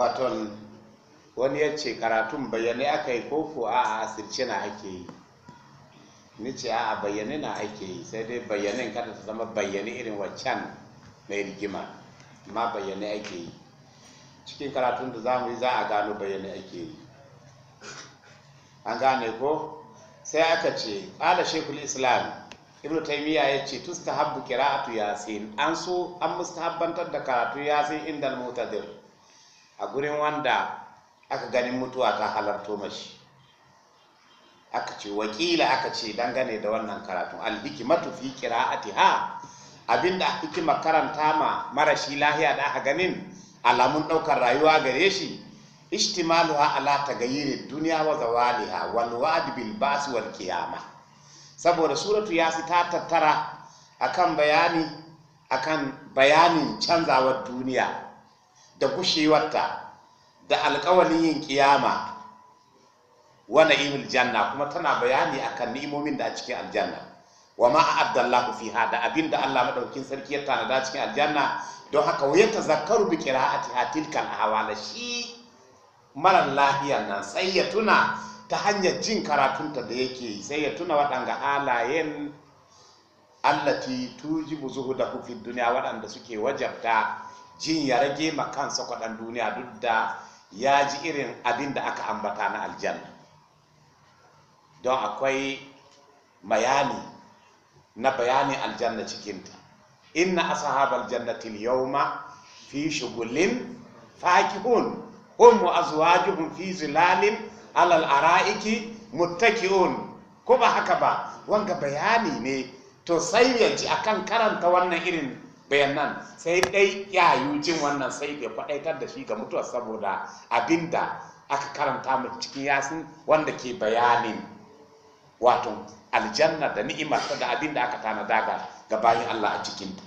waton wani ya ce karatun bayyane aka yi koko a a asirce na ake yi ni ce a bayyane na ake yi sai dai bayanin kada ta zama bayyane irin waccan mai rigima amma bayyane ake yi cikin karatun da za mu yi za a gano bayyane ake yi an gane ko sai aka ce ƙala shekul islam ibn taymiya ya ce tustahabbu qira'atu yasin an so an mustahabbantar da karatu yasin inda mutadir a gurin wanda aka ganin mutuwa ta halarto mashi aka ce wakila aka ce dangane da wannan karatun alhikimatu fi ha abinda hikima karanta ma marashi lahiya da aka ganin alamun daukar rayuwa gare shi ishtimaluha ala tagayyiri duniya wa zawaliha wal wa'd bil ba's wal qiyama saboda suratu yasi ta tattara akan bayani akan bayanin canzawar duniya da kushewarta da alkawalin yin kiyama wa na'imul janna kuma tana bayani akan ni'imomin da a cikin aljanna wa ma a'addallahu fiha da abinda Allah madaukin sarki ya tanada cikin aljanna don haka wa yatazakkaru bi qira'atiha hawa ahwala shi marar lafiyar nan sai ya tuna ta hanyar jin karatunta da yake sai ya tuna waɗanga halayen allati tujibu zuhudahu fi duniya waɗanda suke wajabta jin ya rage ma kansa kwaɗan duniya duk da ya ji irin abin da aka ambata na aljanna don akwai bayani na bayanin aljanna cikinta inna ashabal yau ma fi shugulin fakihun hum wa azwajuhum fi zilalin alal araiki muttaki'un ko ba haka ba wanga bayani ne to sai ya akan karanta wannan irin bayan nan sai dai yayu jin wannan sai ya faɗaitar da shi ga mutuwa saboda abinda aka karanta mai cikin yasin wanda ke bayanin wato aljanna da ni'imar da abinda aka tanada ga gabanin Allah a cikin ta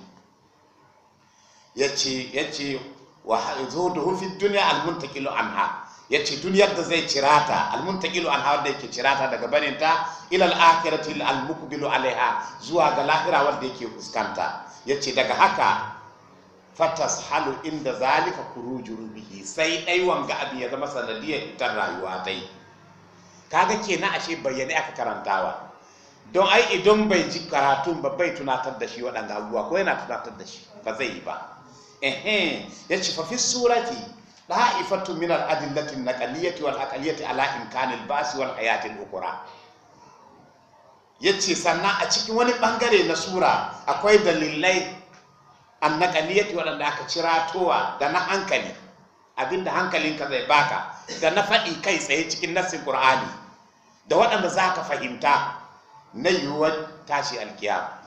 yace yace wa hazuduhum fi dunya almuntakilu anha yace duniyar da zai cirata almuntakilu anha wanda yake cirata daga baninta ila alakhirati almuqbilu al alaiha zuwa ga lahira wanda yake fuskanta ya ce daga haka fatas halu inda zalika kuruju rubihi sai ɗai wanga abin ya zama sanadiyar fitar rayuwa dai kaga kenan ashe bayyane aka karantawa don ai idan bai ji karatun ba bai tunatar da shi waɗanda abubuwa ko yana tunatar da shi ba zai yi ba ehem ya ce fafi surati da'ifatu min al-adillati na wal aqliyati ala imkanil basi wal hayati ukhra ya ce sannan a cikin wani bangare na sura akwai dalilai annakaliyati waɗanda aka cira towa da na hankali abinda hankalinka zai baka da na faɗi kai tsaye cikin nassin ƙur'ani da waɗanda za ka fahimta na yiwuwar tashi alkiyar.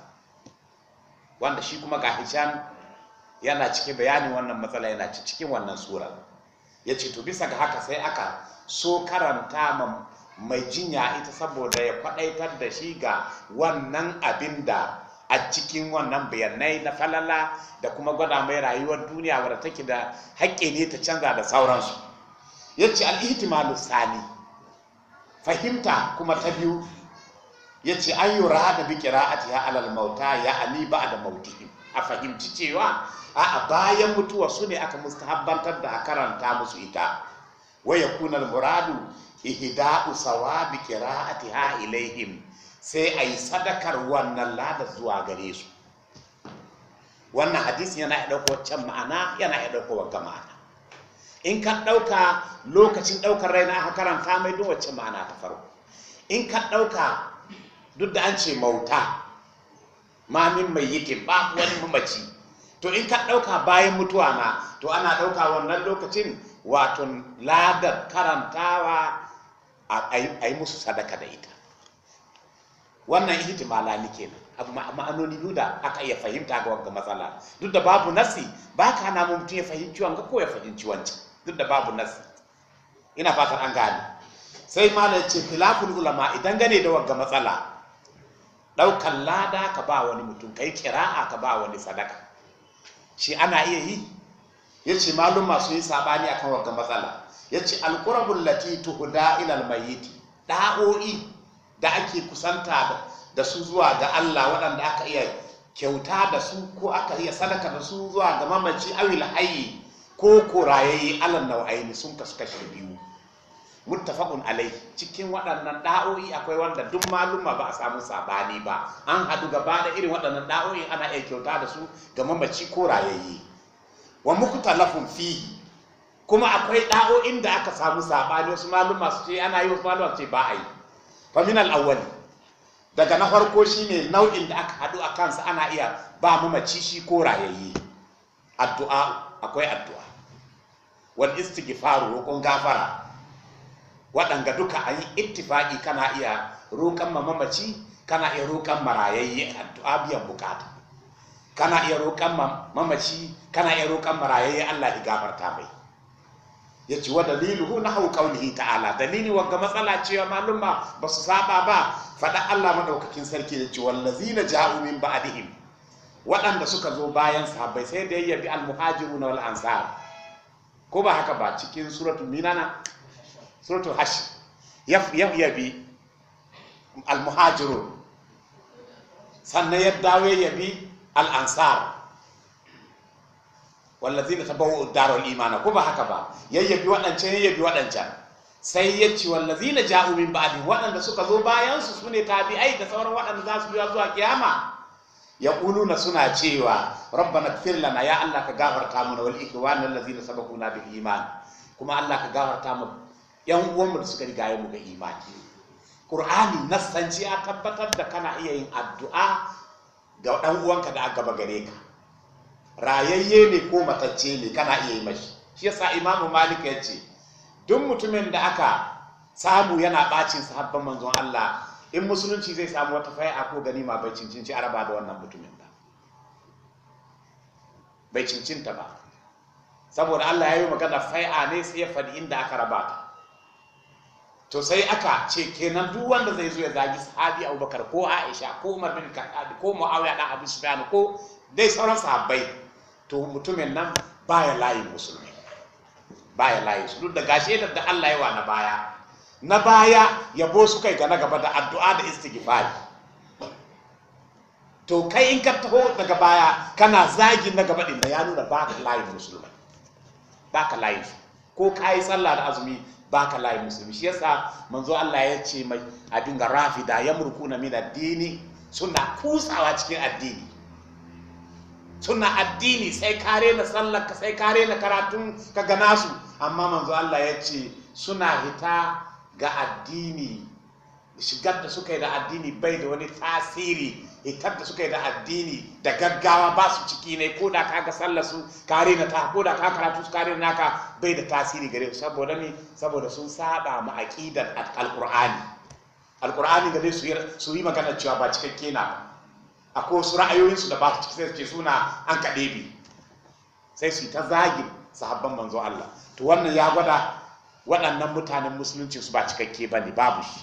wanda shi kuma ga hisham yana cikin bayanin wannan matsala yana cikin wannan sura ya ce to bisa ga haka sai aka so karanta ma mai jinya ita saboda ya kwadaitar da shi ga wannan abin da a cikin wannan bayanai na falala da kuma gwada mai rayuwar duniya wadda take da haƙƙi ne ta canza da sauransu ya ce al'ihtimalu sani fahimta kuma ta biyu ya ce an yi da bikira a ya alal mauta ya ali ba da mautihim a fahimci cewa a bayan mutuwa su ne aka mustahabbantar da a karanta musu ita Wai ya kunal muradu ihda'u sawabi qira'atiha ilaihim sai ayi sadakar wannan ladar zuwa gare su wannan hadisin yana ya dauko can ma'ana yana ya dauko wanka ma'ana in ka dauka lokacin daukar raina aka karanta mai duk wacce ma'ana ta farko in ka dauka duk da an ce mauta mamin mai yake ba wani mamaci to in ka dauka bayan mutuwa na to ana dauka wannan lokacin wato ladar karantawa a yi musu sadaka da ita wannan ihtimala ne kenan abu ma'anoni biyu da aka iya fahimta ga wanga matsala duk da babu nasi ba ka na mutum ya fahimci wanga ko ya fahimci wanci duk da babu nasi ina fatar an gane sai malam ce filafin ulama idan gane da wanga matsala daukan lada ka ba wani mutum kai kira'a ka ba wani sadaka shi ana iya yi yace malum masu yi sabani akan wanga matsala ya ce alkurabun latitu huda ilal mayiti da'o'i da ake kusanta da su zuwa ga Allah waɗanda aka iya kyauta da su ko aka iya sadaka da su zuwa ga mamaci awil hayi ko korayayi alal nau'aini sun kasu kashe biyu muttafaqun alai cikin waɗannan da'o'i akwai wanda duk maluma ba a samu sabani ba an haɗu gaba da irin waɗannan da'o'i ana iya kyauta da su ga mamaci ko rayayi wa muktalafun fihi kuma akwai ɗa'o'in da aka samu saɓani wasu maluma su ce ana yi wasu maluma ce ba a yi faminal awwali daga na farko shi ne nau'in da aka haɗu a kansa ana iya ba mamaci shi ko rayayye addu'a akwai addu'a wal istighfaru roƙon gafara waɗanga duka an yi ittifaƙi kana iya roƙon ma mamaci kana iya roƙon marayayye addu'a biyan bukata kana iya roƙon mamaci kana iya roƙon marayayye Allah ya gafarta mai ya ce wa daliluhu na hau qaulihi ta'ala dalili wanga matsala cewa malum ba su saba ba faɗa Allah maɗaukakin sarki da na wallazina ja'u min ba'dihim waɗanda suka zo bayan sahabbai sai da ya bi almuhajirun wal ansar ko ba haka ba cikin suratu minana suratul hashr ya bi almuhajirun sannan ya dawo ya bi al wallazina tabawwa'u darul imana ko ba haka ba yayyabi waɗancan yayyabi waɗancan sai ya ci wallazina ja'u min ba'di waɗanda suka zo bayan su sune tabi'ai da sauran waɗanda za su biya zuwa kiyama Ya'uluna suna cewa rabbana ighfir lana ya allah ka gafarta mana wal ikhwana allazina sabaquna bil iman kuma allah ka gafarta mu yan uwanmu da suka rigaye mu ga imani qur'ani nassanci a tabbatar da kana iya yin addu'a ga ɗan uwanka da aka gaba gare ka rayayye ne ko matacce ne kana iya yi mashi shi yasa imamu malik ya ce duk mutumin da aka samu yana bacin sahabban manzon Allah in musulunci zai samu wata fai'a ko ganima bai cincinci araba da wannan mutumin ba bai cincinta ba saboda Allah ya yi magana fai'a ne sai ya faɗi inda aka raba ta to sai aka ce kenan duk wanda zai zo ya zagi sahabi Abubakar ko Aisha ko Umar bin Khattab ko Muawiya dan Abu Sufyan ko dai sauran sahabbai to mutumin nan baya layin musulmi baya layin su duk da gashi da Allah yawa na baya na baya yabo su kai ga na gaba da addu'a da istighfari to kai in ka taho daga baya kana zagi na gaba din da ya nuna baka layin musulmi baka layin su ko kai sallah da azumi baka layin musulmi shi yasa manzo Allah ya ce mai abin ga rafida murkuna min addini suna kusawa cikin addini Suna addini sai kare na sallar ka sai kare na karatun ka gana su amma manzo Allah ya ce suna hita ga addini shigar da suka yi da addini bai da wani tasiri hitar da suka yi da addini da gaggawa ba su ciki ne ko da ka ga sallar su kare na ta ko da ka karatu su kare naka bai da tasiri gare su saboda ne saboda sun saba mu aqidar alqur'ani alqur'ani da su yi magana cewa ba cikakke na ba akwai wasu ra'ayoyinsu da ba su ciki sai su ce suna an kaɗe bi sai su yi ta zagin sahabban manzo Allah to wannan ya gwada waɗannan mutanen musulunci su ba cikakke ba ne babu shi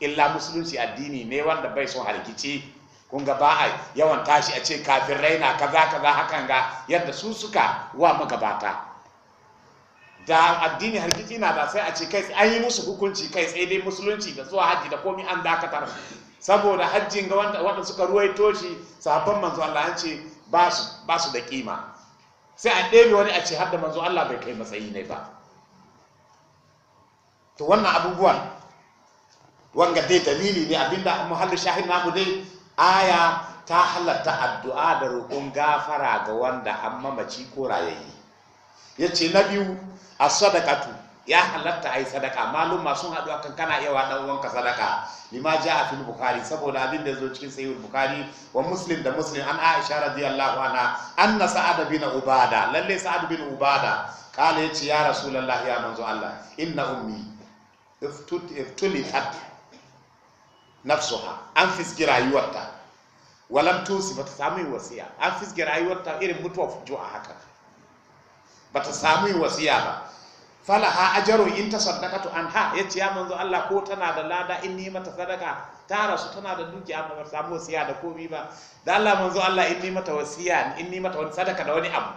illa musulunci addini ne wanda bai son harkice kun ga ba a yawan tashi a ce kafin raina, kaza kaza hakan ga yadda su suka wa magabata da addini harkici na da sai a ce kai an yi musu hukunci kai tsaye dai musulunci da zuwa haji da komi an dakatar saboda hajjin ga wanda suka ruwai toshi, sahabban manzo Allah an ce ba su da kima sai an ɗebe wani a ce har da manzo Allah bai kai matsayi ne ba to wannan abubuwan wanga dai dalili ne abinda muhallu shahid namu dai aya ta halatta addu'a da roƙon gafara ga wanda an mamaci ko Ya ce na biyu a sadakatu. ya halatta yi sadaka malum masu sun haɗu akan kana iya wa ɗan uwanka sadaka lima a fil bukhari saboda abin da zo cikin Sayyid bukhari wa muslim da muslim an aisha radiyallahu anha anna sa'ad bin ubada lalle sa'ad bin ubada kala yace ya rasulullahi ya manzo allah inna ummi iftulihat nafsuha an fiski rayuwarta walam tusi bata samu yin wasiya an fiski rayuwarta irin mutuwa a haka bata samu yin wasiya ba falaha ajaru in to anha yace ya manzo Allah ko tana da lada in ni mata sadaka ta rasu tana da duki amma ba samu wasiya da komi ba da Allah manzo Allah in ni mata wasiya in ni mata wani sadaka da wani abu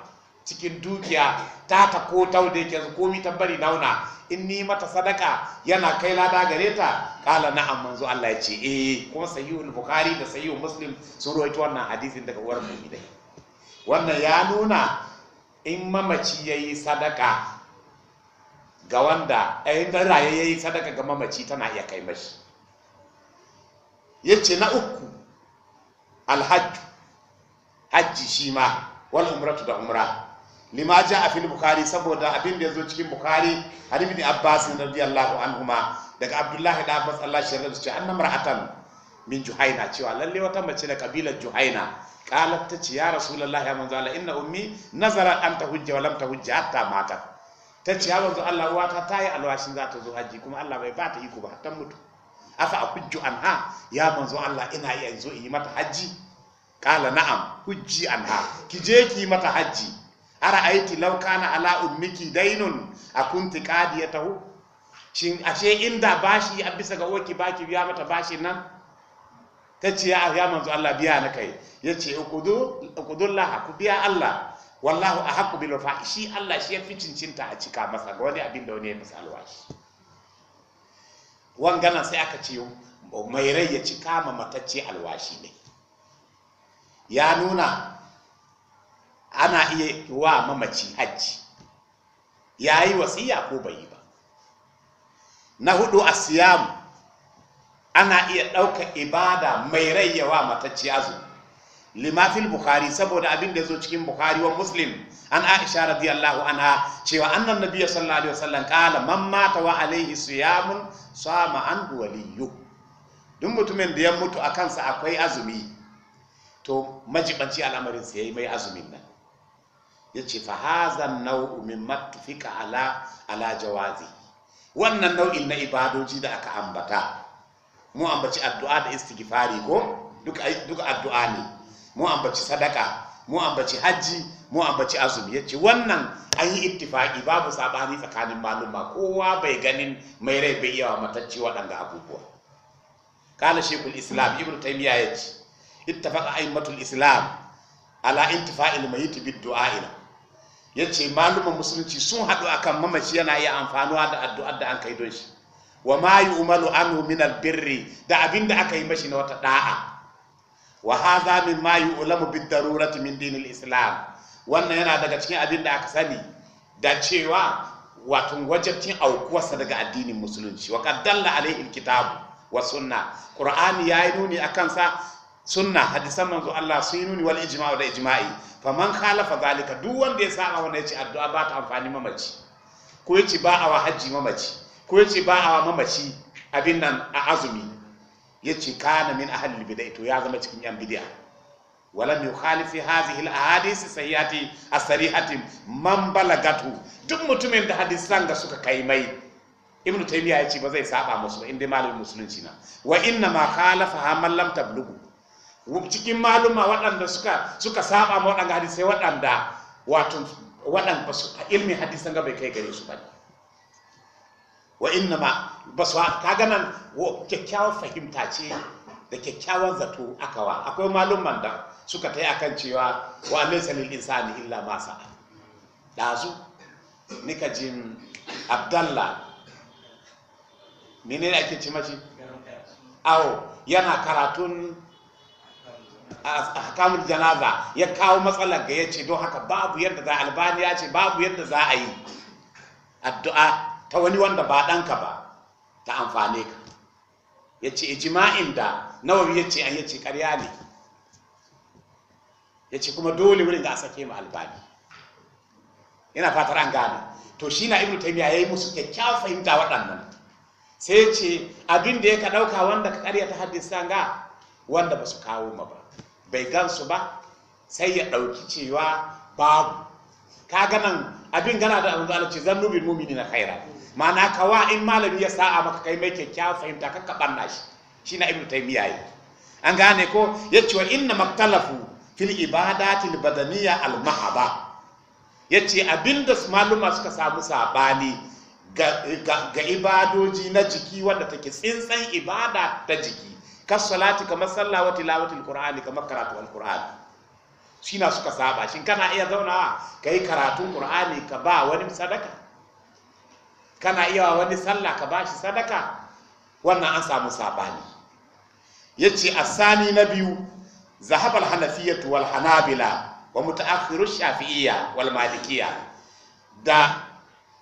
cikin dukiya ta ta ko tau da yake komi ta bari nauna in ni mata sadaka yana kai lada gare ta kala na'am manzo Allah ya ce eh kuma sahihul bukhari da sahihul muslim sun rawaito wannan hadisin daga uwar mu'minai wannan ya nuna in mamaci yayi sadaka ga wanda ɗayan da raye ya yi sadaka ga mamaci tana iya kai mashi ya ce na uku Alhaji, hajji shi ma wal umratu da umra lima ja a fil bukari saboda abin da ya zo cikin bukari har ibn abbas radiyallahu anhuma daga abdullahi da abbas allah shi ce an namar ra'atan min juhaina cewa lalle wata mace da kabilar juhaina qalat ta ce ya rasulullahi ya manzo allah inna ummi nazara an ta hujja, wa ta hujja, hatta matar ta ce zuwa Allah ruwa ta yi alwashin za ta zo hajji kuma Allah bai ba ta iko ba ta mutu afa a hujju anha ya manzo Allah ina iya zo in yi mata hajji kala na'am hujji anha ki je ki mata hajji ara ara'aiti lauka na ala ummiki dainun akunti qadiyatahu shin ashe inda bashi a bisa ga oki baki biya mata bashi nan ta ce manzo Allah biya na kai ya ce ukudullah ku biya Allah wallahu a bil wafa shi Allah shi ya fi cincinta a cika masa ga wani abin da wani ya wa alwashi wangana sai aka ce mai rai ya cika ma matacce alwashi ne ya nuna ana iya wa mamaci hajji ya yi wasiya ko bai yi ba na hudu asiyamu ana iya ɗaukar ibada mai rai ya wa matacce azumi lima fil bukhari saboda abin da zo cikin bukhari wa muslim an aisha radiyallahu anha cewa annan nabiyyu sallallahu alaihi wasallam qala man mata wa alaihi siyamun sama an waliyu duk mutumin da ya mutu a kansa akwai azumi to majibanci al'amarin sa yayi mai azumin nan yace fa hadha naw'u mimma tufika ala ala jawazi wannan nau'in na ibadoji da aka ambata mu ambaci addu'a da istighfari ko duk addu'a ne mu ambaci sadaka mu ambaci hajji mu ambaci azumi yace wannan an yi ittifaki babu sabani tsakanin maluma kowa bai ganin mai rai bai yawa matacci waɗanga abubuwa kala shekul islam ibnu taymiya yace ittafaqa aimatul islam ala intifa'il mayyit bid du'a'ina yace maluman musulunci sun haɗu akan mamaci yana iya amfanuwa da addu'ar da an kai don shi wa ma yu'malu anhu min birri da abinda aka yi mashi na wata da'a wa hadha mimma yu'lamu bid darurati min dinil islam wannan yana daga cikin abin da aka sani da cewa wato wajabcin aukuwarsa daga addinin musulunci wa qad dalla alaihi alkitabu wa sunna qur'ani yayi nuni akan sa sunna hadisan manzo Allah sun yi nuni wal ijma'u da ijma'i faman khalafa zalika duk wanda ya saba wannan ya ce addu'a ba ta amfani mamaci ko ya ce ba wa hajji mamaci ko ya ce ba wa mamaci abin nan a azumi yace kana min ahli bid'ah to ya zama cikin yan bid'a walam yukhalifi hadhihi al-ahadith sayyati as-sarihati man balagatu duk mutumin da hadisan ga suka kai mai Ibn taymiya yace ba zai saba musu ba inda malumin musulunci na wa inna ma khalafa man lam tablugu cikin maluma waɗanda suka suka saba ma waɗanda hadisai waɗanda wato waɗanda ilmi hadisan ga bai kai gare su ba wa inna ma su kaga nan kyakkyawar fahimta ce da kyakkyawan zato akawa akwai malum da suka ta yi akan cewa wa laysa lil insani illa ma sa'a dazu nika jin abdallah menene ake ci mashi awo yana karatun ahkamul janaza ya kawo matsalar ga ya ce don haka babu yadda za albani ya ce babu yadda za a yi addu'a ta wani wanda ba ɗanka ba ta amfane ka ya ce ijima'in da nawawi ya ce an yace karya ne ya ce kuma dole wurin da a sake mu albani yana fatar an gane to shi na ibnu ya yi musu kyakkyawan fahimta waɗannan sai ya ce abin da ya ka ɗauka wanda ka karya ta haddisa ga wanda ba su kawo ma ba bai gansu ba sai ya ɗauki cewa babu ka ga nan. abin gana da abin zalace zannu bil mu'minina khaira ma'ana kawa in malami ya sa'a maka kai mai kyakkyawa fahimta ka ka banna shi shi na ibnu taymiya yi an gane ko yace wa inna maktalafu fil ibadati al niyya al mahaba yace abinda maluma suka samu sabani ga, ibadoji na jiki wadda take tsintsan ibada ta jiki kasalati kamar sallah wa al qur'ani kamar karatu al qur'ani Shina suka saba shin kana iya zauna ka yi karatun ƙur'ani ka ba wani sadaka kana iya wani sallah ka ba shi sadaka wannan an samu sabani ya ce Sani na biyu zahabar hanafiyatu wal hanabila wa muta'akhiru shafi'iyya wal malikiya da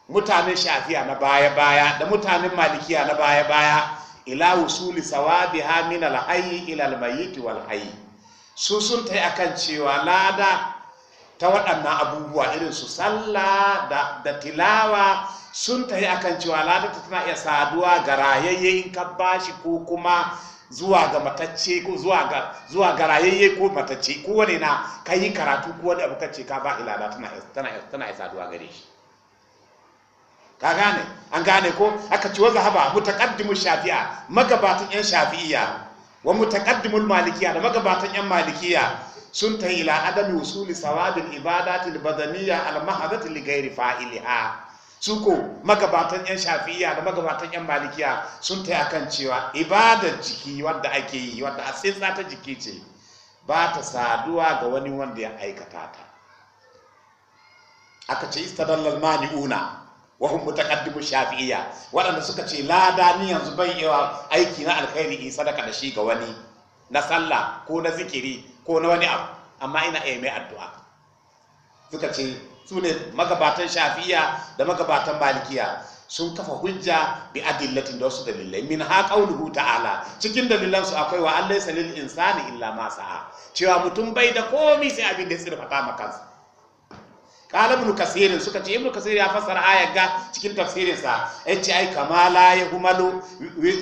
mutanen shafiya na baya-baya da mutanen malikiya na baya-baya ila wusuli sawabi ha min al hayy ila al mayyit wal hayy su sun ta yi akan cewa lada ta waɗannan abubuwa irin su sallah da tilawa sun ta yi akan cewa lada ta tana iya saduwa ga rayayye in ka bashi ko kuma zuwa ga matacce ko zuwa ga zuwa ga rayayye ko matacce ko wani na ka yi karatu ko wani abu kace ka ba ilada tana tana tana isa duwa gare shi ka gane an gane ko aka ci wa zahaba mutaqaddimu shafi'a magabatan yan shafi'iyya wa mutaqaddimul malikiya da magabatan yan malikiya sun ta ila adami usuli sawabil ibadati badaniyya al mahadati li ghairi fa'iliha su ko magabatan yan shafiyya da magabatan yan malikiya sun ta akan cewa ibadar jiki wanda ake yi wadda asisa ta jiki ce ba ta saduwa ga wani wanda ya aikata ta aka ce istadallal mani'una wa hum mutaqaddimu shafi'iyya waɗanda suka ce lada ni yanzu bai iya aiki na alkhairi in sadaka da shi ga wani na sallah ko na zikiri ko na wani abu amma ina iya mai addu'a suka ce su ne magabatan shafi'iyya da magabatan malikiya sun kafa hujja bi adillatin da wasu dalilai min ha qauluhu ta'ala cikin dalilan su akwai wa allaysa lil insani illa ma sa'a cewa mutum bai da komai sai abin da ya maka ta kala ibn kasirin suka ce ibn kasir ya fassara ayar ga cikin tafsirin sa ce ai kamala ya humalu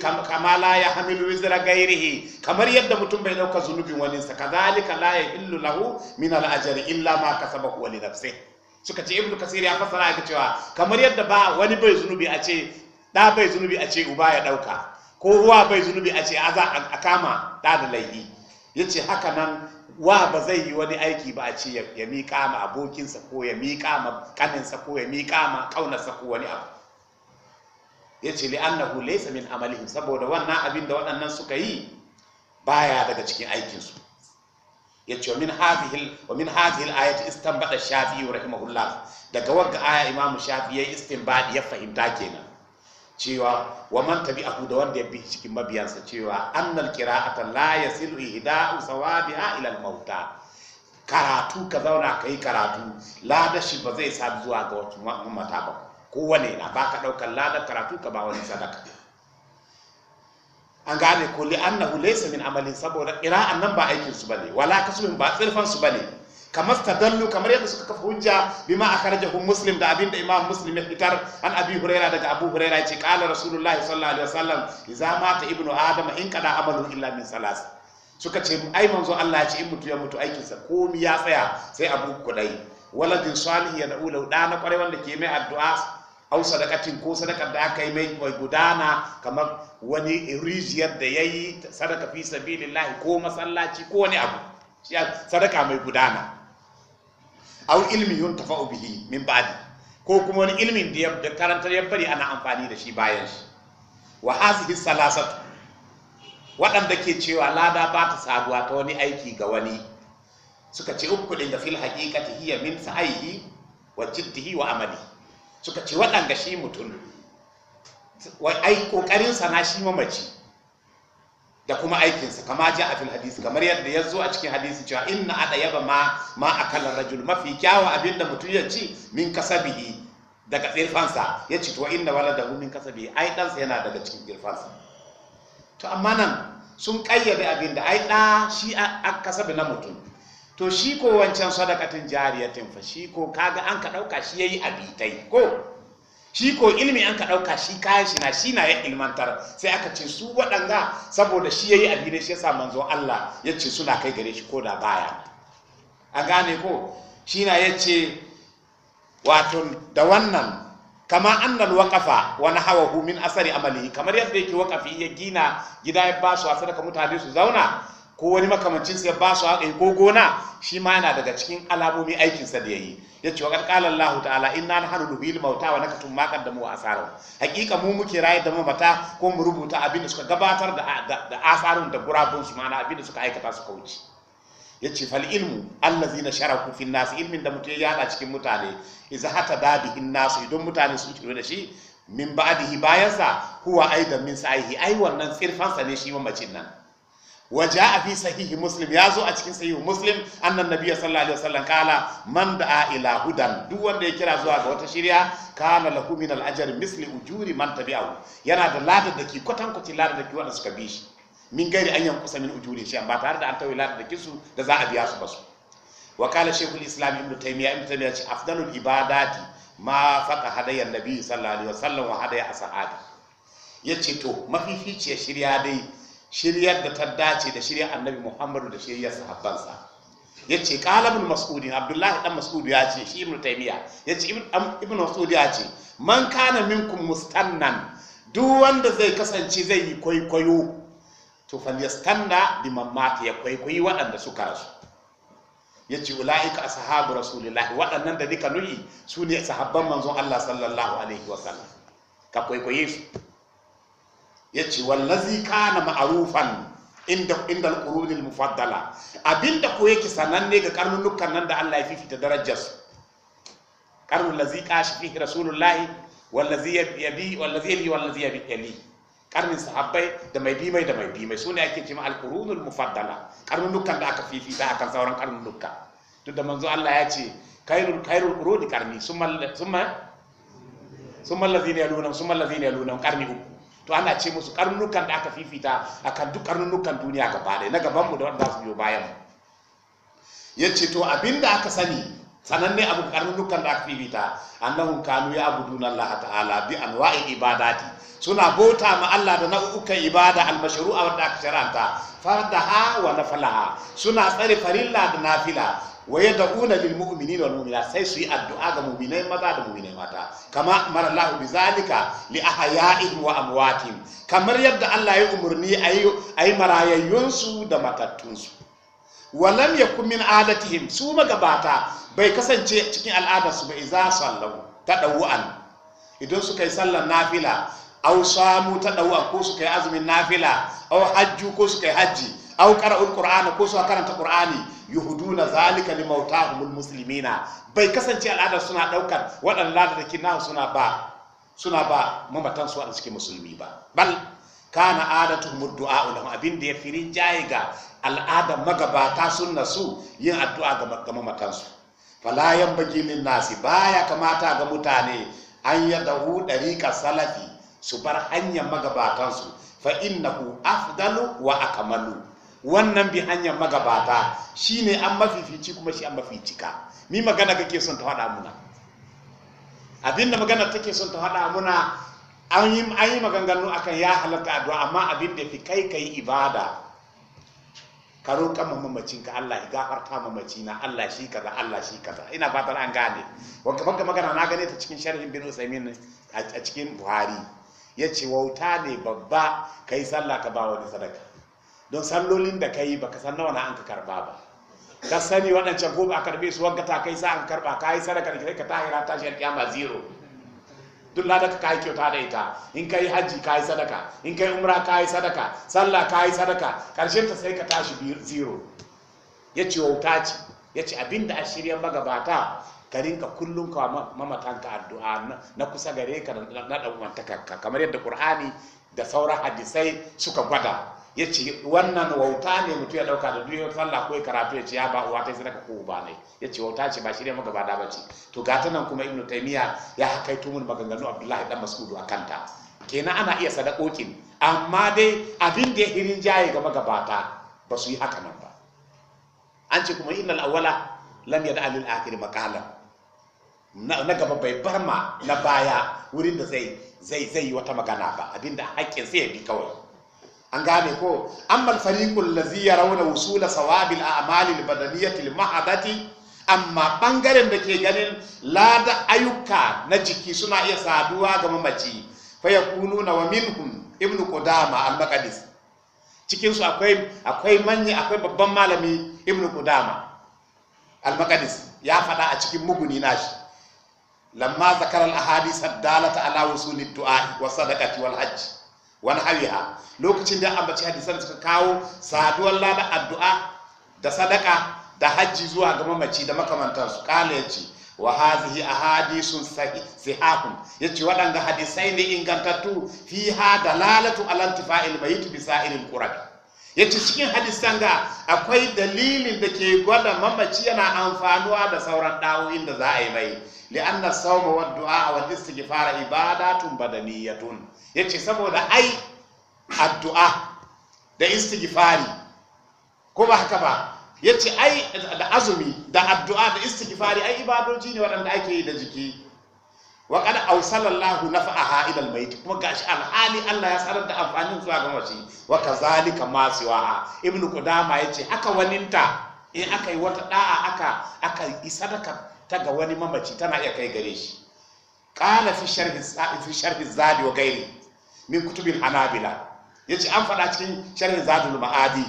kamala ya hamilu wizra gairihi kamar yadda mutum bai dauka zunubin wani sa kadhalika la yahillu lahu min al ajri illa ma kasabahu li nafsihi suka ce ibn kasir ya fassara ayar cewa kamar yadda ba wani bai zunubi a ce da bai zunubi a ce uba ya dauka ko ruwa bai zunubi a ce a za a kama da da laifi ya ce haka nan wa ba zai yi wani aiki ba a ce ya miƙa ma abokinsa ko ya miƙa ma kaninsa ko ya miƙa ma ƙaunarsa ko wani abu ya ce li'annahu laysa min amalihim saboda wannan abin da waɗannan suka yi baya daga cikin aikinsu ya ce min hadhihi wa min hadhihi ayati yi shafi'i rahimahullah daga wagga aya imamu shafi ya istinbadi ya fahimta kenan cewa wa man tabi'ahu da wanda ya bi cikin mabiyansa cewa annal qira'ata la yasilu ihda'u sawabiha ila al-mauta karatu ka zauna kai karatu lada shi ba zai sabu zuwa ga wata mata ba kowane na baka daukar lada karatu ka ba wani sadaka an gane ko li annahu laysa min amalin saboda qira'an nan ba aikin su bane wala kasubin ba tsirfan su bane kamar Dallu kamar yadda suka kafa hujja bima akhrajahu muslim da abinda imam muslim ya fitar an abi huraira daga abu huraira ya ce qala rasulullahi sallallahu alaihi wasallam idza mata ibnu adam in kada amalu illa min salas suka ce ai manzo Allah ya ce in mutu ya mutu aikinsa komi ya tsaya sai abu kudai waladin salih ya da'u da na kware wanda ke mai addu'a au sadakatin ko sadakar da aka yi mai gudana kamar wani rijiyar da yayi sadaka fi sabilillahi ko masallaci ko wani abu sadaka mai gudana aw ilmi yuntafa'u bihi min ba'di ko kuma wani ilmin da ya karanta ya bari ana amfani da shi bayan shi wa hazihi salasatu waɗanda ke cewa lada ba ta saduwa ta wani aiki ga wani suka ce uku ɗin da fil haqiqati hiya min sa'ihi wa jiddihi wa amali suka ce waɗanda shi mutum wa ai kokarin sana shi mamaci da kuma aikinsa kama ja a fil hadisi kamar yadda ya zo a cikin hadisi cewa inna ada yaba ma ma akalan rajul mafi kyawa abin da mutum ya ci min kasabihi daga tsirfansa ya ci to inna wala da min kasabihi ai ɗansa yana daga cikin tsirfansa to amma nan sun kayyade abin da ai ɗa shi a kasabi na mutum to shi ko wancan sadakatin jariyatin fa shi ko kaga an ka ɗauka shi yayi abitai ko shi ko ilimi an ka ɗauka shi kayan shi na shi na ya ilmantar sai aka ce su waɗanda saboda shi ya yi addini shi ya sa manzon Allah ya ce suna kai gare shi ko da baya a gane ko shi na ya ce wato da wannan kama annal waƙafa wani hawa min asari amali kamar yadda yake wakafi ya gina gida ya ba su a sadaka mutane su zauna ko wani makamancinsa ya ba su haƙƙi ko gona shi ma yana daga cikin alamomi aikinsa da ya yi ya ce wa ƙarƙalar lahu ta'ala inna na hannu nubil mauta wa nakatun makar da mu asara. asarar haƙiƙa mu muke rayar da mamata ko mu rubuta abin da suka gabatar da asarun da gurabun su mana abin da suka aikata su kauci ya ce fal ilmu allazi na sharaku fin nasu ilmin da mutum ya yada cikin mutane iza hata in nasu idan mutane sun kiro da shi min ba'dihi bayansa huwa aidan min sa'ihi ai wannan tsirfansa ne shi mamacin nan waje a fi sahihi muslim ya zo a cikin sahihi muslim annan biyar sallallahu alaihi wasallam kala man da ila hudan duk wanda ya kira zuwa ga wata shirya kana na min al misli ujuri man tabi'ahu yana da ladar da ki kwatan kwaci ladar da ki wanda suka bi shi min gari an yankusa min ujuri shi ba tare da an tawaye ladar da su da za a biya su ba su wa kala shaykhul islam ibn taymiya ibn taymiya ce afdalul ibadati ma faqa hadaya biyu sallallahu alaihi wasallam wa hadaya ya ce to mafificiyar shirya dai shiryar da ta dace da shirya annabi muhammadu da shiryar sahabbansa ya ce kalabin mas'udi abdullahi dan mas'udi ya ce shi ibn taimiyya ya ce ibn mas'udi ya ce man kana minkum mustannan duk wanda zai kasance zai yi kwaikwayo to falyastanna bi mamata ya kwaikwayi waɗanda suka rasu ya ce ula'ika ashabu rasulillahi waɗannan da duka nuyi su ne sahabban manzon Allah sallallahu alaihi wasallam ka kwaikwaye su yace wallazi kana ma'rufan inda inda al mufaddala abinda ko yake sananne ga karnunukan nan da Allah ya fifita darajar su karnun lazi kashi fihi rasulullahi wallazi yabi wallazi yabi wallazi yabi ali karnin sahabbai da mai bimai da mai bimai sune ake cewa al-qurunul mufaddala karnunukan da aka fifita akan sauran karnunuka duk da manzo Allah ya ce khairul khairul quruni karni summa summa summa allazina yaluna summa allazina yaluna karni uku to ana ce musu karnukan da aka fifita a kan duk karnukan duniya gaba ɗaya na gaban mu da wanda su biyo bayan mu ya ce to abinda aka sani sananne abu karnukan da aka fifita annahun kanu ya abuduna Allah ta'ala bi anwa'i ibadati suna bota ma Allah da nau'ukan ibada almashru'a wanda aka sharanta fardaha wa nafalaha suna tsare farilla da nafila wa yad'una lil mu'minina wal mu'minat sai su yi addu'a ga mu'minai maza da mu'minai mata kama marallahu bi zalika li ahya'ihim wa amwatihim kamar yadda Allah ya umurni ayi ayi marayayyun su da matattun su walam yakun min adatihim su magabata bai kasance cikin al'adar su ba idza sallu tadawuan idan suka yi sallar nafila aw samu tadawuan ko suka yi azumin nafila aw hajju ko suka yi hajji aw qara'ul qur'ana ko suka karanta qur'ani yuhuduna zalika li mautahumul muslimina bai kasance al'ada suna daukar lada da kina suna ba suna ba mamatan su wadanda suke musulmi ba bal kana adatu du'a lahum abin da ya firin jaye ga al'ada magabata sunna su yin addu'a ga mamatan su fala yanbaghi min nasi baya kamata ga mutane an yadahu dariqa salafi su bar hanyar magabatan su fa innahu afdalu wa akmalu wannan bi hanyar magabata shi ne an mafifici kuma shi an maficika mi magana kake son ta faɗa muna abinda magana take son ta faɗa muna an yi an maganganu akan ya halatta addu'a amma abin da fi kai kai ibada ka roƙa mamacin ka Allah ya gafarta mamaci na Allah shi kaza Allah shi kaza ina fatar an gane wanda magana na gane ta cikin sharhin bin Usaimin a cikin Buhari yace wauta ne babba kai sallah ka ba wani sadaka don sallolin da ka yi ba ka san nawa na an ka karba ba ka sani waɗancan ko ba a karbe su wanka ta kai sa an karba ka yi sadaka da ka tahira ta shiyar kyama zero duk ladaka ka yi kyauta da ita in ka yi hajji ka yi sadaka in ka yi umra ka yi sadaka sallah ka yi sadaka ƙarshen ta sai ka tashi zero ya ce wauta ce ya ce abin da a shirya magabata ka rinka kullum ka mamatanka addu'a na kusa gare ka na ɗan kamar yadda ƙur'ani da sauran hadisai suka gwada ya ce wannan wauta ne mutum ya dauka da duniyar sallah ko ya karatu ya ce ya ba uwa ta zira ka ko ba ya ce wauta ce ba shi ne magaba da bace to gata nan kuma ibnu taymiya ya hakaito mun maganganu abdullahi dan mas'udu akan ta kenan ana iya sadakokin amma dai abin da ya hirin jaye ga magabata ba su yi haka nan ba an ce kuma innal awwala lam yada alil akhir maqalan na gaba bai bar ma na baya wurin da zai zai zai yi wata magana ba abinda hakkin sai ya bi kawai an gane ko amma al-fariqul ya rauna wusula sawabil a al tilma al-mahadati amma bangaren da ke ganin lada ayyuka na jiki suna iya saduwa ga mamaci fa na wa minhum ibnu kudama al-maqdis cikin su akwai akwai akwai babban malami ibnu kudama al-maqdis ya fada a cikin muguni nashi lamma zakara al-ahadith ad-dalata ala wusuli ad-du'a wa sadaqati wal wani hawiha lokacin da ambaci hadisan suka kawo saduwar lada addu'a da sadaka da hajji zuwa ga mamaci da makamantarsu kala ya ce wa hazihi hakun. sahihun ce waɗanda hadisai ne ingantattu fi ha da fiha fa'il mai intifa'il bisa irin sa'iril Ya ce cikin hadisan ga akwai dalilin da ke gwada mamaci yana amfanuwa da sauran dawoyin da za a yi mai li'anna as-sawma wa dua wal istighfara ibadatun badaniyatun yace saboda ai addu'a da istighfari ko ba haka ba yace ai da azumi da addu'a da istighfari ai ibadoji ne waɗanda ake yi da jiki wa qad awsalallahu nafa'aha ila al kuma gashi alhali Allah ya sanar da amfanin zuwa ga mace wa kazalika ma siwaha ibnu qudama yace haka waninta in aka yi wata da'a aka aka sadaka ta ga wani mamaci tana iya kai gare shi kala fi sharhi zadi wa gairi min kutubin hanabila ce an faɗa cikin sharhin zadul ma'adi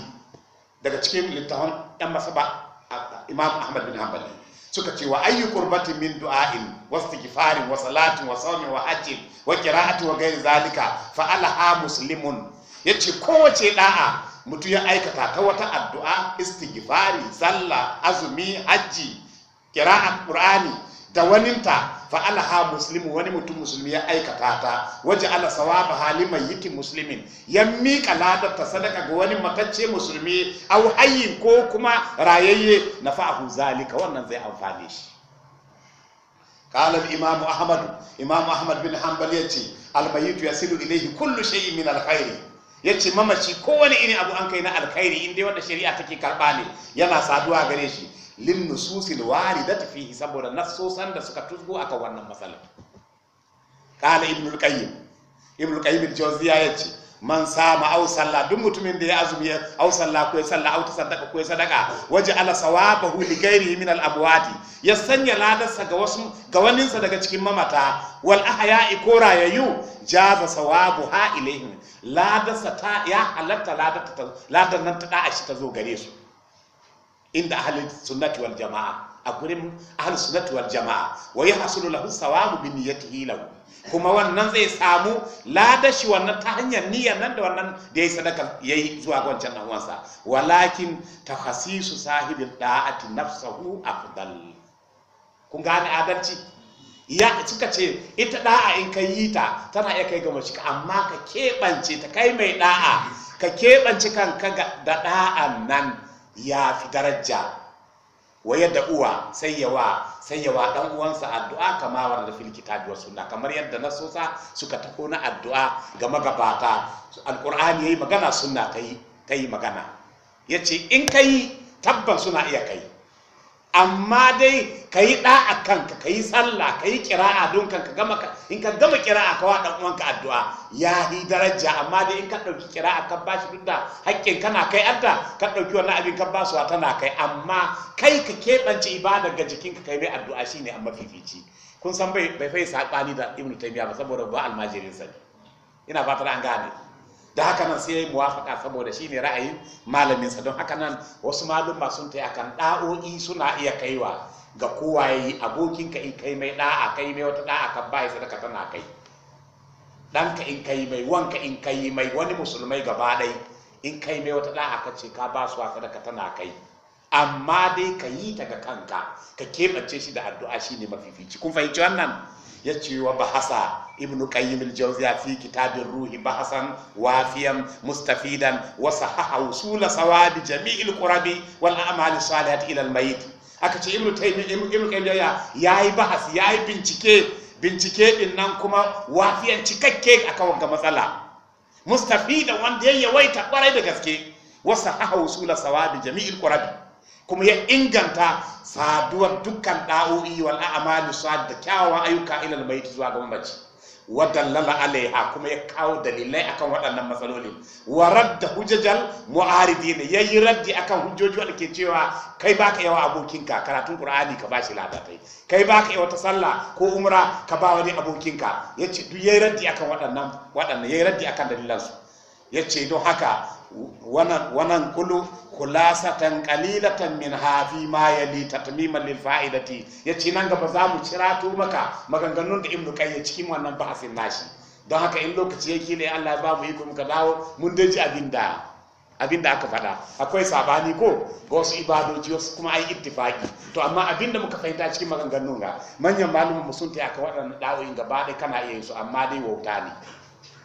daga cikin littafin yan masaba imam ahmad bin hanbal suka ce wa ayyu qurbatin min du'ain wa istighfarin wa salatin wa sawmin wa hajjin wa qira'atin wa gairi zalika fa alaha muslimun yace kowace da'a mutu ya aikata ta wata addu'a istighfari sallah azumi hajji kira'an qur'ani da ta fa alaha muslimu wani mutum musulmi ya aikata ta waje ala sawaba hali mai yiti muslimin ya miƙa ladar ta sadaka ga wani matacce musulmi au hayyin ko kuma rayayye na fa'ahu zalika wannan zai amfane shi قال الإمام أحمد إمام أحمد بن حنبل يتي الميت يصل إليه كل شيء من الخير yace mamaci kowane iri abu an kai na alkhairi inda wanda shari'a take karba ne yana saduwa gare shi lin nususil waridati fihi saboda nassosan da suka tusgo aka wannan masala qala ibnul qayyim ibnul qayyim al-jawziya yace man sama aw sallah duk mutumin da ya azumi ya aw sallah ko ya salla aw tasaddaqa ko ya sadaqa waje ala sawabahu li ghairihi min al abwati ya sanya ladarsa ga wasu ga waninsa daga cikin mamata wal ahya'i ko rayayu jaza sawabu ha ilaihim ladarsa ta ya halatta ta, ladar nan ta da shi ta zo gare su inda ahalin sunnati wal jamaa a gurin ahli sunnati wal jamaa wa yahsulu lahu sawabu ya ta kuma wannan zai samu ladashi wannan ta hanyar niyyar nan da wannan da ya yi sadaka yi zuwa ga wancan nan uwansa walakin takhasisu sahibin da'ati nafsahu afdal kun gane adalci ya suka ce ita da'a in ka yi ta tana iya kai ga mashi amma ka keɓance ta kai mai da'a ka keɓance kanka da da'an nan ya fi daraja wa yadda uwa sai yawa sai yawa dan uwansa addu'a kamar da fil kitabi wa sunna kamar yadda nasosa suka tako na addu'a ga magabata alqur'ani yayi magana sunna kai kai magana yace in kai tabban suna iya kai amma dai ka yi ɗa'a kanka ka yi sallah ka yi a don kanka gama in ka gama kira'a ka waɗan uwanka addu'a ya yi daraja amma dai in ka ɗauki kira'a ka bashi duk da haƙƙin kana kai adda ka ɗauki wannan abin ka su wata tana kai amma kai ka keɓance ibadar ga jikinka kai mai addu'a shine amma fifici kun san bai bai fai saɓani da ibnu taimiyya ba saboda ba almajirin sani ina fatar an gane da haka nan sai ya yi muwafaka saboda shine ra'ayin malaminsa don haka nan wasu malumma sun ta akan da'o'i suna iya kaiwa ga kowa ya yi abokinka in kai mai da'a kai mai wata da'a kan bai sadaka tana kai dan ka in kai mai wanka in kai mai wani musulmai gaba dai in kai mai wata da'a ka ce ka ba su sadaka tana kai amma dai ka yi ta kanka ka keɓance shi da addu'a shine mafifici kun fahimci wannan ya ce wa bahasa ibnu qayyim al-jawziya fi kitabin ruhi bahasan wafiyan mustafidan wa sahaha usula sawabi jami'il qurabi wal a'mal salihati ila al-mayit aka ce ibnu taymiyyah ibnu qayyim ya yayi bahas yayi bincike bincike din nan kuma wafiyan cikakke akan wanga matsala mustafidan wanda ya yawaita kwarai da gaske wa sahaha usula sawabi jami'il qurabi kuma ya inganta saduwar dukkan da'o'i wal a'malu da kyawawan ayyuka ilal bait zuwa ga mamaci wa alaiha kuma ya kawo dalilai akan waɗannan matsalolin wa radda hujajal mu'aridin yayi raddi akan hujjoji wanda ke cewa kai baka yawa abokinka karatun qur'ani ka ba shi ladatai kai baka yawa ta sallah ko umra ka ba wani abokinka yace duk yayi raddi akan waɗannan waɗannan yayi raddi akan dalilansu ya ce don haka wannan kulu kulasatan kalilatan min hafi ma yali tatmiman lil fa'idati ya ce nan gaba za mu cira cirato maka maganganun da ibnu ya cikin wannan bahasin nashi don haka in lokaci ya kila ya Allah ba mu iko muka dawo mun daji abinda da abin aka faɗa akwai sabani ko ga wasu ibadoji wasu kuma ai ittifaki to amma abin da muka fahimta cikin maganganun ga manyan malaman mu sun ta aka waɗannan dawoyin gaba ɗaya kana iya yin su amma dai wauta ne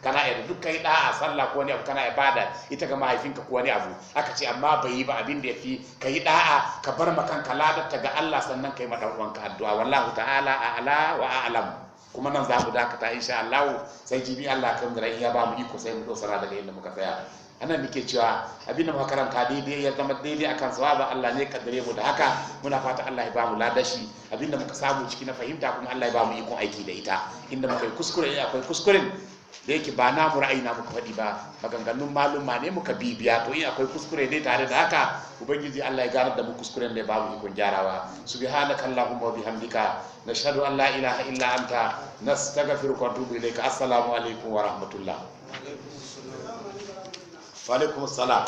kana iya duk kai da a sallah ko wani abu kana bada ita ga mahaifinka ko wani abu aka ce amma bai yi ba abin da ka yi da'a ka bar ma ka ladarta ga Allah sannan kai ma dan ka addu'a wallahu ta'ala a'la wa a'lam kuma nan za mu dakata insha Allah sai jibi Allah kan da ya ba mu iko sai mu da daga inda muka tsaya anan nake cewa abin da muka karanta daidai ya zama daidai akan sawaba Allah ne kaddare mu da haka muna fata Allah ya ba mu ladashi abin da muka samu ciki na fahimta kuma Allah ya mu iko aiki da ita inda muka yi kuskure akwai kuskuren da yake ba na mu ra'ayi na muka faɗi ba maganganun maluma ne muka bibiya to in akwai kuskure ne tare da haka ubangiji Allah ya ganar da mu kuskuren ne babu ikon gyarawa subhanaka allahumma wa bihamdika nashhadu an la ilaha illa anta nastaghfiruka wa atubu ilayka assalamu alaikum wa rahmatullah wa alaikum assalam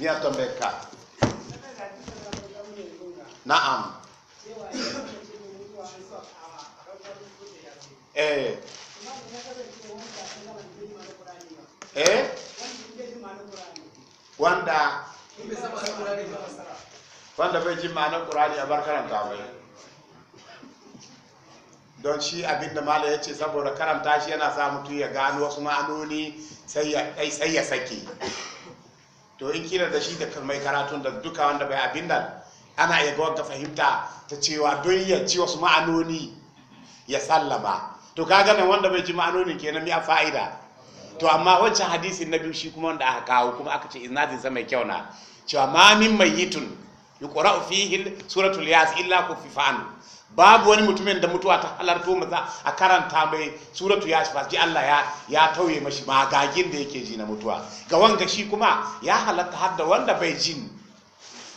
ni atombe ka na'am eh eh wanda wanda bai ji ma'anar ƙurani a bar karanta bai don shi abinda mala ya ce saboda karanta shi yana sa mutu ya gano wasu ma'anoni sai ya sake to in kira da shi da mai karatun da duka wanda bai abin nan ana iya ga wanda fahimta ta cewa don ya ci wasu ma'anoni ya sallama to kaga nan wanda bai ji ma'anonin kenan ya fa'ida to amma wancan hadisin na biyu shi kuma wanda aka kawo kuma aka ce ina sa mai kyau na cewa ma min mayyitun yuqra'u fihi suratul yas illa kufifan fa'an. babu wani mutumin da mutuwa ta halarto masa a karanta mai suratu yas ba ji Allah ya ya tauye mashi magagin da yake ji na mutuwa ga wanga shi kuma ya halatta har da wanda bai jin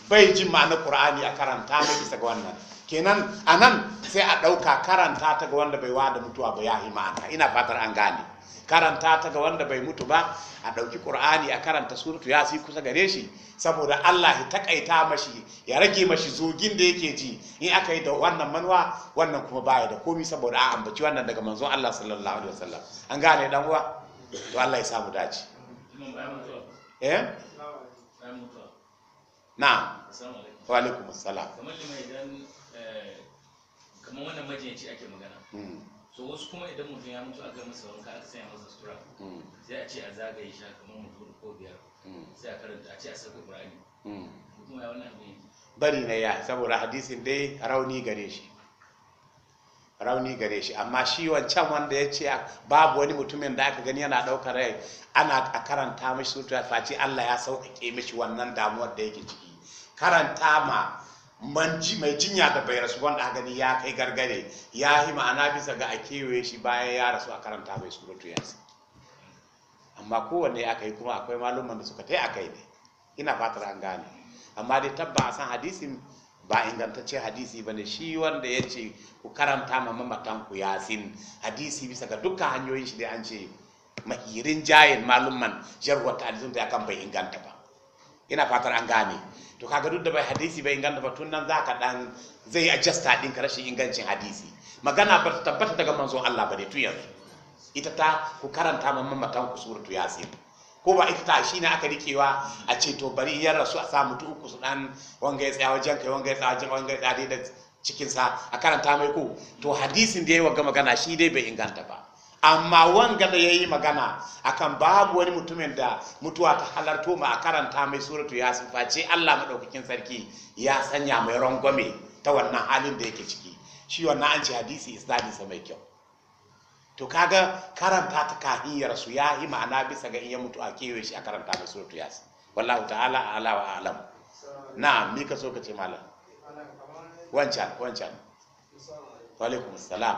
bai jin ma'anar Qur'ani a karanta mai bisa ga wannan kenan anan sai a ɗauka karanta ta ga wanda bai wa da mutuwa ba ya ma'ana ina fatar an gane karanta ta ga wanda bai mutu ba a ɗauki ƙur'ani a karanta suratu ya si kusa gare shi saboda Allah ya takaita mashi ya rage mashi zogin da yake ji in aka yi da wannan manuwa wannan kuma baya da komi saboda a ambaci wannan daga manzon Allah sallallahu alaihi wasallam an gane dan uwa to Allah ya samu dace eh na wa alaikum assalam kamar liman eh, kamar wannan majiyaci ake magana hmm. so wasu kuma idan mutum ya mutu aka masa wanka aka sanya masa sutura mm. sai a ce a zagaye shi kamar mutum ko biyar mm. sai a karanta a ce a saka qur'ani Mutum mm. ya wannan abin bari na ya saboda hadisin dai rauni gare shi rauni gare shi amma shi wancan wanda ya ce babu wani mutumin da aka gani yana ɗaukar rai ana a karanta mishi sutura face Allah ya sauƙaƙe mashi wannan damuwar da yake ciki karanta ma manji mai jinya da bai rasu wanda gani ya kai gargare ya yi ma'ana bisa ga a kewaye shi bayan ya rasu a karanta mai suratu yansu amma kowanne ya kai kuma akwai maluman da suka tai a kai ne ina fatar an gane amma dai tabba a san hadisin ba ingantacce hadisi ba ne shi wanda ya ce ku karanta ma mamatan ku yasin hadisi bisa ga dukkan hanyoyin shi dai an ce mahirin jayin malumman jarwata alizun da akan bai inganta ba ina fatar an gane to kaga duk da bai hadisi bai inganta ba tun nan zaka dan zai adjusta din ka rashin ingancin hadisi magana ba ta tabbata daga manzon Allah ba ne tun yanzu ita ta ku karanta mamma ta ku suratu yasin ko ba ita ta shi aka rikewa a ce to bari ya rasu a samu tu uku su dan wanga ya tsaya wajen kai wanga ya tsaya wajen wanga ya tsaya da cikin sa a karanta mai ko to hadisin da yayi wa magana shi dai bai inganta ba amma wanga da yi magana akan babu wani mutumin da mutuwa ta halarto ma a karanta mai suratu ya face Allah madaukakin sarki ya sanya mai rangwame ta wannan halin da yake ciki shi wannan an ci hadisi isnadi sa mai kyau to kaga karanta ta kahiyar su ya yi ma'ana bisa ga iya mutu a kewaye shi a karanta mai suratu ya wallahu ta'ala ala wa na mi ka so ka ce malam wancan wancan wa salam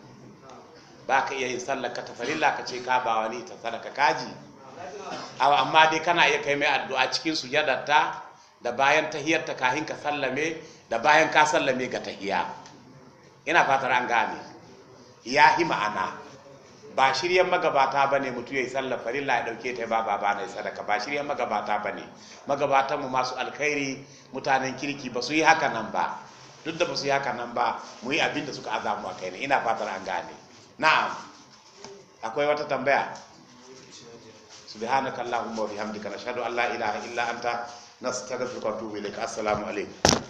ba ka iya yin sallar ka ta farilla ka ce ka ba wani ta sadaka kaji amma dai kana iya kai mai addu'a cikin sujadarta da bayan ta kahin ka sallame da bayan ka sallame ga tahiya ina fatar an gane ya hi ma'ana ba shiryan magabata ne mutu yi sallar farilla ya dauke ta ba baba na sadaka ba shiryan magabata ne magabatan mu masu alkhairi mutanen kirki ba su yi haka nan ba duk da ba su yi haka nan ba mu yi abin da suka azamu a kai ne ina fatar an gane na'am akwai wata tambaya subhanakallahumma wa bihamdika nashhadu an la ilaha illa anta nastaghfiruka wa atubu ilaik assalamu alaikum